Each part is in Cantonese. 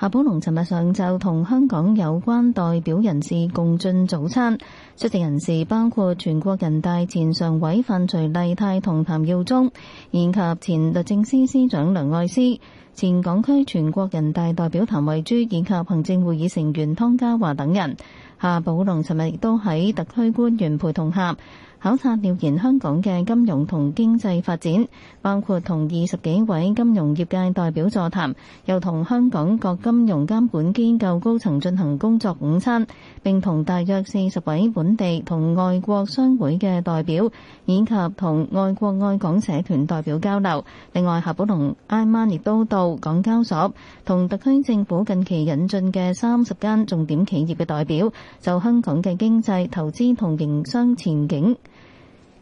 夏寶龍尋日上晝同香港有關代表人士共進早餐，出席人士包括全國人大前常委范徐麗泰同譚耀宗，以及前律政司司長梁愛詩、前港區全國人大代表譚惠珠以及行政會議成員湯家華等人。夏寶龍尋日亦都喺特區官員陪同下，考察調研香港嘅金融同經濟發展，包括同二十幾位金融業界代表座談，又同香港各金融監管機構高層進行工作午餐，並同大約四十位本地同外國商會嘅代表，以及同愛國愛港社團代表交流。另外，夏寶龍挨晚亦都到港交所，同特區政府近期引進嘅三十間重點企業嘅代表，就香港嘅經濟、投資同營商前景，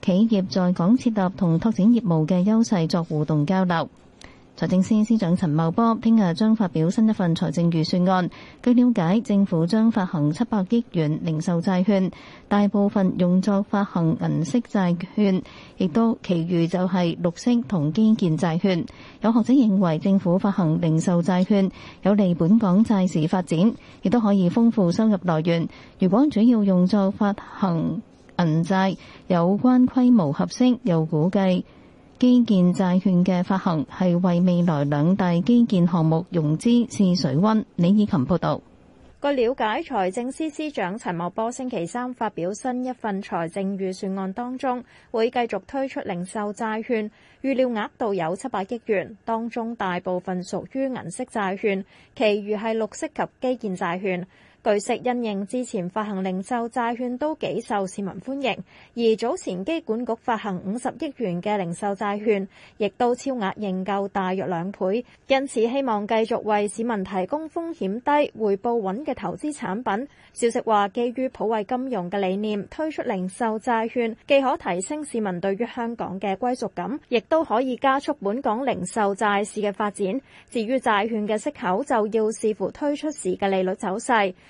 企業在港設立同拓展業務嘅優勢作互動交流。財政司司長陳茂波聽日將發表新一份財政預算案。據了解，政府將發行七百億元零售債券，大部分用作發行銀色債券，亦都其餘就係綠色同基建債券。有學者認為，政府發行零售債券有利本港債市發展，亦都可以豐富收入來源。如果主要用作發行，銀債有關規模合適，又估計基建債券嘅發行係為未來兩大基建項目融資試水温。李以琴報道：「據了解，財政司司長陳茂波星期三發表新一份財政預算案，當中會繼續推出零售債券，預料額度有七百億元，當中大部分屬於銀色債券，其餘係綠色及基建債券。據悉，因應之前發行零售債券都幾受市民歡迎，而早前機管局發行五十億元嘅零售債券，亦都超額認購大約兩倍。因此，希望繼續為市民提供風險低、回報穩嘅投資產品。消息話，基於普惠金融嘅理念推出零售債券，既可提升市民對於香港嘅歸屬感，亦都可以加速本港零售債市嘅發展。至於債券嘅息口，就要視乎推出時嘅利率走勢。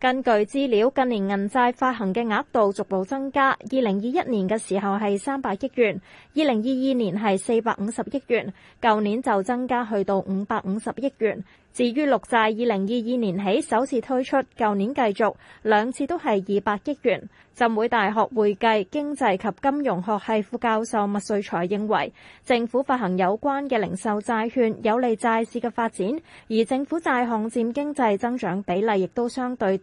根據資料，近年銀債發行嘅額度逐步增加，二零二一年嘅時候係三百億元，二零二二年係四百五十億元，舊年就增加去到五百五十億元。至於綠債，二零二二年起首次推出，舊年繼續，兩次都係二百億元。浸會大學會計、經濟及金融學系副教授麥瑞才認為，政府發行有關嘅零售債券有利債市嘅發展，而政府債項佔經濟增長比例亦都相對。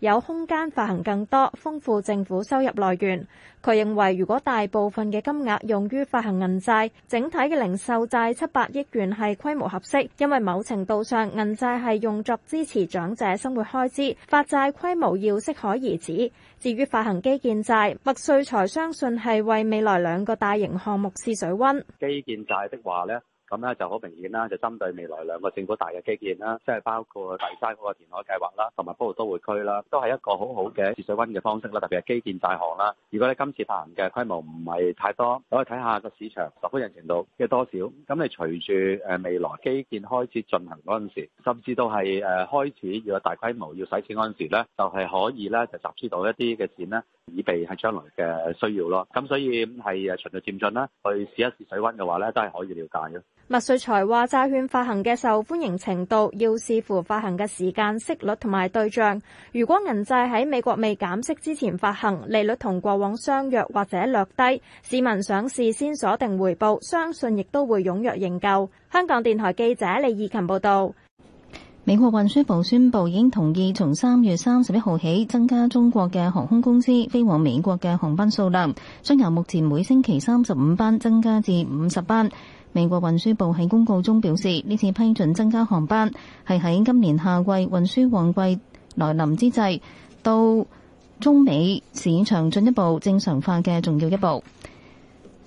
有空間發行更多，豐富政府收入來源。佢認為如果大部分嘅金額用於發行銀債，整體嘅零售債七百億元係規模合適，因為某程度上銀債係用作支持長者生活開支，發債規模要適可而止。至於發行基建債，麥穗才相信係為未來兩個大型項目試水温。基建債的話呢。咁咧就好明顯啦，就針對未來兩個政府大嘅基建啦，即係包括第三個填海計劃啦，同埋北部都會區啦，都係一個好好嘅試水溫嘅方式啦。特別係基建債券啦，如果你今次發行嘅規模唔係太多，可以睇下個市場受歡迎程度嘅多少。咁你隨住未來基建開始進行嗰陣時，甚至到係誒開始要有大規模要使錢嗰陣時咧，就係可以咧就集資到一啲嘅錢咧，以備喺將來嘅需要咯。咁所以係誒循序漸進啦，去試一試水溫嘅話咧，都係可以了解。麥瑞才話：債券發行嘅受歡迎程度要視乎發行嘅時間、息率同埋對象。如果銀債喺美國未減息之前發行，利率同過往相約或者略低，市民想事先鎖定回報，相信亦都會踴躍認購。香港電台記者李義勤報道。美國運輸部宣布已經同意從三月三十一號起增加中國嘅航空公司飛往美國嘅航班數量，將由目前每星期三十五班增加至五十班。美國運輸部喺公告中表示，呢次批准增加航班係喺今年夏季運輸旺季來臨之際，到中美市場進一步正常化嘅重要一步。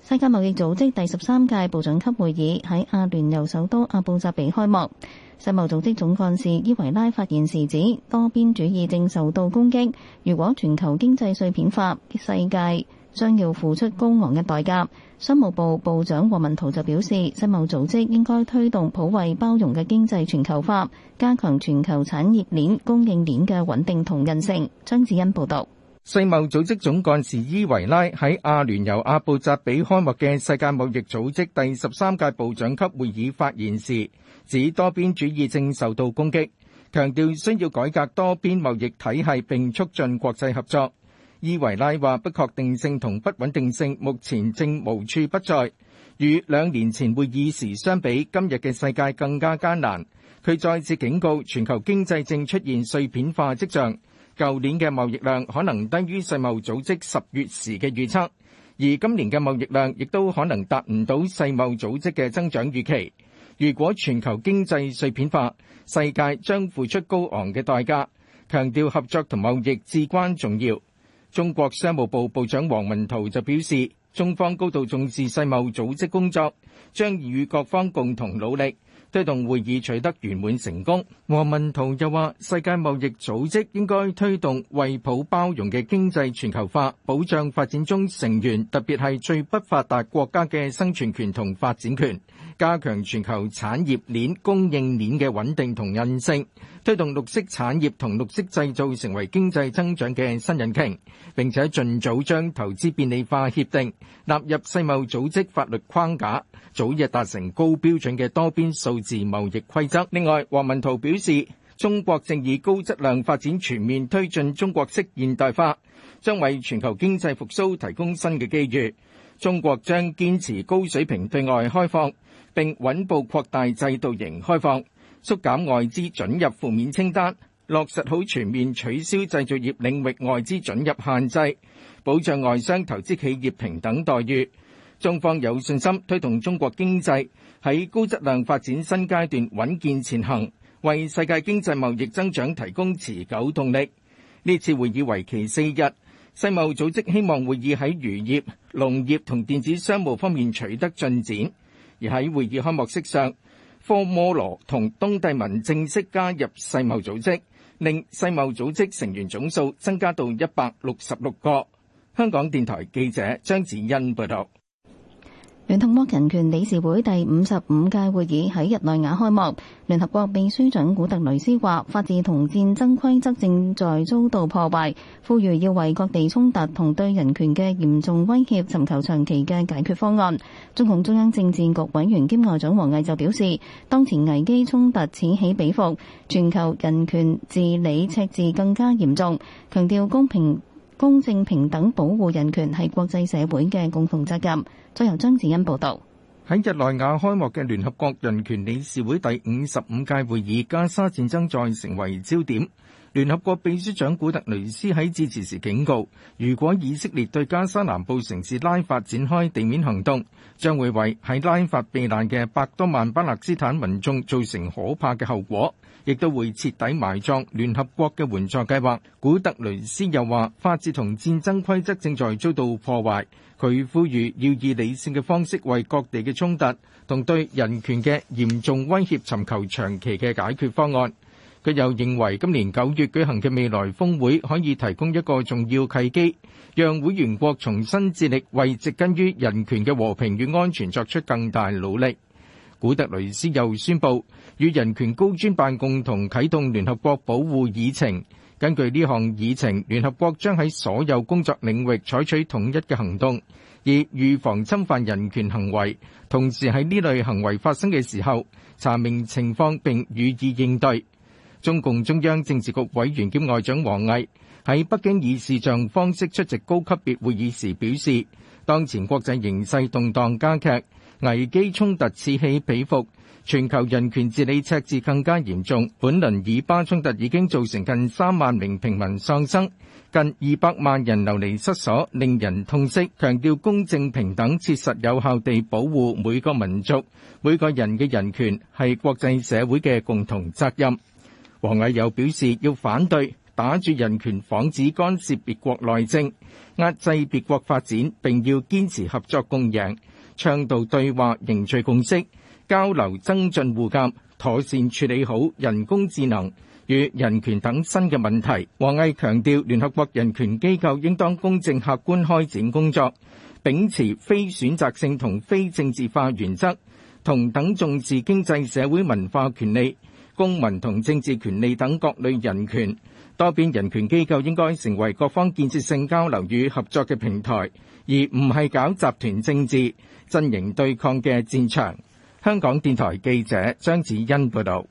世界貿易組織第十三屆部長級會議喺阿聯酋首都阿布扎比開幕，世貿組織總幹事伊維拉發言時指，多邊主義正受到攻擊，如果全球經濟碎片化，世界將要付出高昂嘅代價。商務部部長黃文濤就表示，世貿組織應該推動普惠包容嘅經濟全球化，加強全球產業鏈供應鏈嘅穩定同韌性。張子欣報道，世貿組織總幹事伊維拉喺阿聯酋阿布扎比開幕嘅世界貿易組織第十三屆部長級會議發言時，指多邊主義正受到攻擊，強調需要改革多邊貿易體系並促進國際合作。伊維拉話,不確定性同不穩定性目前正無處不在。與兩年前會議時相比,今日嘅世界更加艱難。佢再次警告全球經濟正出現碎片化跡象,舊年嘅貿易量可能低於世貿組織十月時嘅預測,而今年嘅貿易量亦都可能達唔到世貿組織嘅增長預期。如果全球經濟碎片化,世界將付出高昂嘅代價。強調合作同貿易至關重要。中國商務部部長王文濤就表示，中方高度重視世貿組織工作，將與各方共同努力，推動會議取得圓滿成功。王文濤又話，世界貿易組織應該推動惠普包容嘅經濟全球化，保障發展中成員，特別係最不發達國家嘅生存權同發展權，加強全球產業鏈供應鏈嘅穩定同韌性。推動綠色產業同綠色製造成為經濟增長嘅新引擎，並且盡早將投資便利化協定，納入世貿組織法律框架，早日達成高標準嘅多邊數字貿易規則。另外，王文濤表示，中國正以高質量發展全面推進中國式現代化，將為全球經濟復蘇提供新嘅機遇。中國將堅持高水平對外開放，並穩步擴大制度型開放。縮減外資准入負面清單，落實好全面取消製造業領域外資准入限制，保障外商投資企業平等待遇。中方有信心推動中國經濟喺高質量發展新階段穩健前行，為世界經濟貿易增長提供持久動力。呢次會議為期四日，世貿組織希望會議喺漁業、農業同電子商務方面取得進展，而喺會議開幕式上，科摩羅同東帝汶正式加入世貿組織，令世貿組織成員總數增加到一百六十六個。香港電台記者張子欣報道。聯合國人權理事會第五十五屆會議喺日內瓦開幕。聯合國秘書長古特雷斯話：法治同戰爭規則正在遭到破壞，呼籲要為各地衝突同對人權嘅嚴重威脅尋求長期嘅解決方案。中共中央政治局委員兼外長王毅就表示，當前危機衝突此起彼伏，全球人權治理赤字更加嚴重，強調公平。公正平等保護人權係國際社會嘅共同責任。再由張子欣報道，喺日內瓦開幕嘅聯合國人權理事會第五十五屆會議，加沙戰爭再成為焦點。聯合國秘書長古特雷斯喺致辭時警告，如果以色列對加沙南部城市拉法展開地面行動，將會為喺拉法避難嘅百多萬巴勒斯坦民眾造成可怕嘅後果，亦都會徹底埋葬聯合國嘅援助計劃。古特雷斯又話，法治同戰爭規則正在遭到破壞，佢呼籲要以理性嘅方式為各地嘅衝突同對人權嘅嚴重威脅尋求長期嘅解決方案。佢又認為今年九月舉行嘅未來峯會可以提供一個重要契機，讓會員國重新致力為植根於人權嘅和平與安全作出更大努力。古特雷斯又宣布與人權高專辦共同啟動聯合國保護議程。根據呢項議程，聯合國將喺所有工作領域採取統一嘅行動，以預防侵犯人權行為，同時喺呢類行為發生嘅時候查明情況並予以應對。中共中央政治局委員兼外長王毅喺北京以視像方式出席高級別會議時表示，當前國際形勢動盪加劇，危機衝突此起彼伏，全球人權治理赤字更加嚴重。本輪以巴衝突已經造成近三萬名平民喪生，近二百萬人流離失所，令人痛惜。強調公正平等、切實有效地保護每個民族、每個人嘅人權係國際社會嘅共同責任。王毅又表示，要反對打著人權幌子干涉別國內政、壓制別國發展，並要堅持合作共贏，倡導對話、凝聚共識、交流增進互鑒，妥善處理好人工智能與人權等新嘅問題。王毅強調，聯合國人權機構應當公正客觀開展工作，秉持非選擇性同非政治化原則，同等重視經濟社會文化權利。公民同政治權利等各類人權，多邊人權機構應該成為各方建設性交流與合作嘅平台，而唔係搞集團政治、陣營對抗嘅戰場。香港電台記者張子欣報道。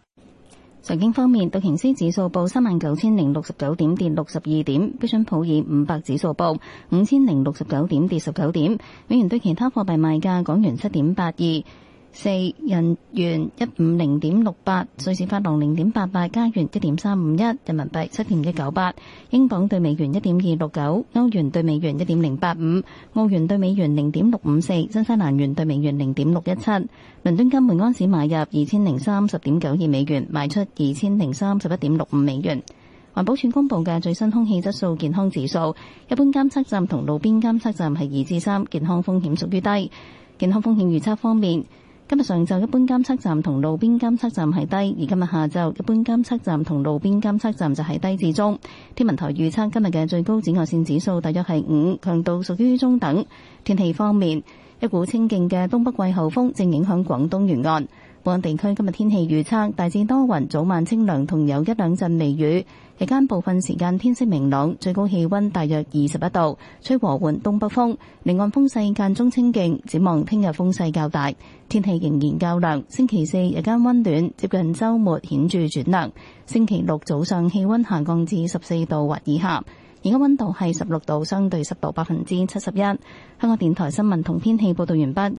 財經方面，道瓊斯指數報三萬九千零六十九點，跌六十二點；標準普爾五百指數報五千零六十九點，跌十九點。美元對其他貨幣賣價，港元七點八二。四日元一五零點六八，瑞士法郎零點八八，加元一點三五一，人民幣七點一九八，英鎊兌美元一點二六九，歐元兌美元一點零八五，澳元兌美元零點六五四，新西蘭元兌美元零點六一七。倫敦金每安士買入二千零三十點九二美元，賣出二千零三十一點六五美元。環保署公布嘅最新空氣質素健康指數，一般監測站同路邊監測站係二至三，3, 健康風險屬於低。健康風險預測方面。今日上晝一般監測站同路邊監測站係低，而今日下晝一般監測站同路邊監測站就係低至中。天文台預測今日嘅最高紫外線指數大約係五，強度屬於中等。天氣方面，一股清勁嘅東北季候風正影響廣東沿岸。本港地區今日天氣預測大致多雲，早晚清涼，同有一兩陣微雨。日間部分時間天色明朗，最高氣温大約二十一度，吹和緩東北風。離岸風勢間中清勁，展望聽日風勢較大，天氣仍然較涼。星期四日間温暖，接近周末顯著轉涼。星期六早上氣温下降至十四度或以下。而家温度係十六度，相對濕度百分之七十一。香港電台新聞同天氣報道完畢。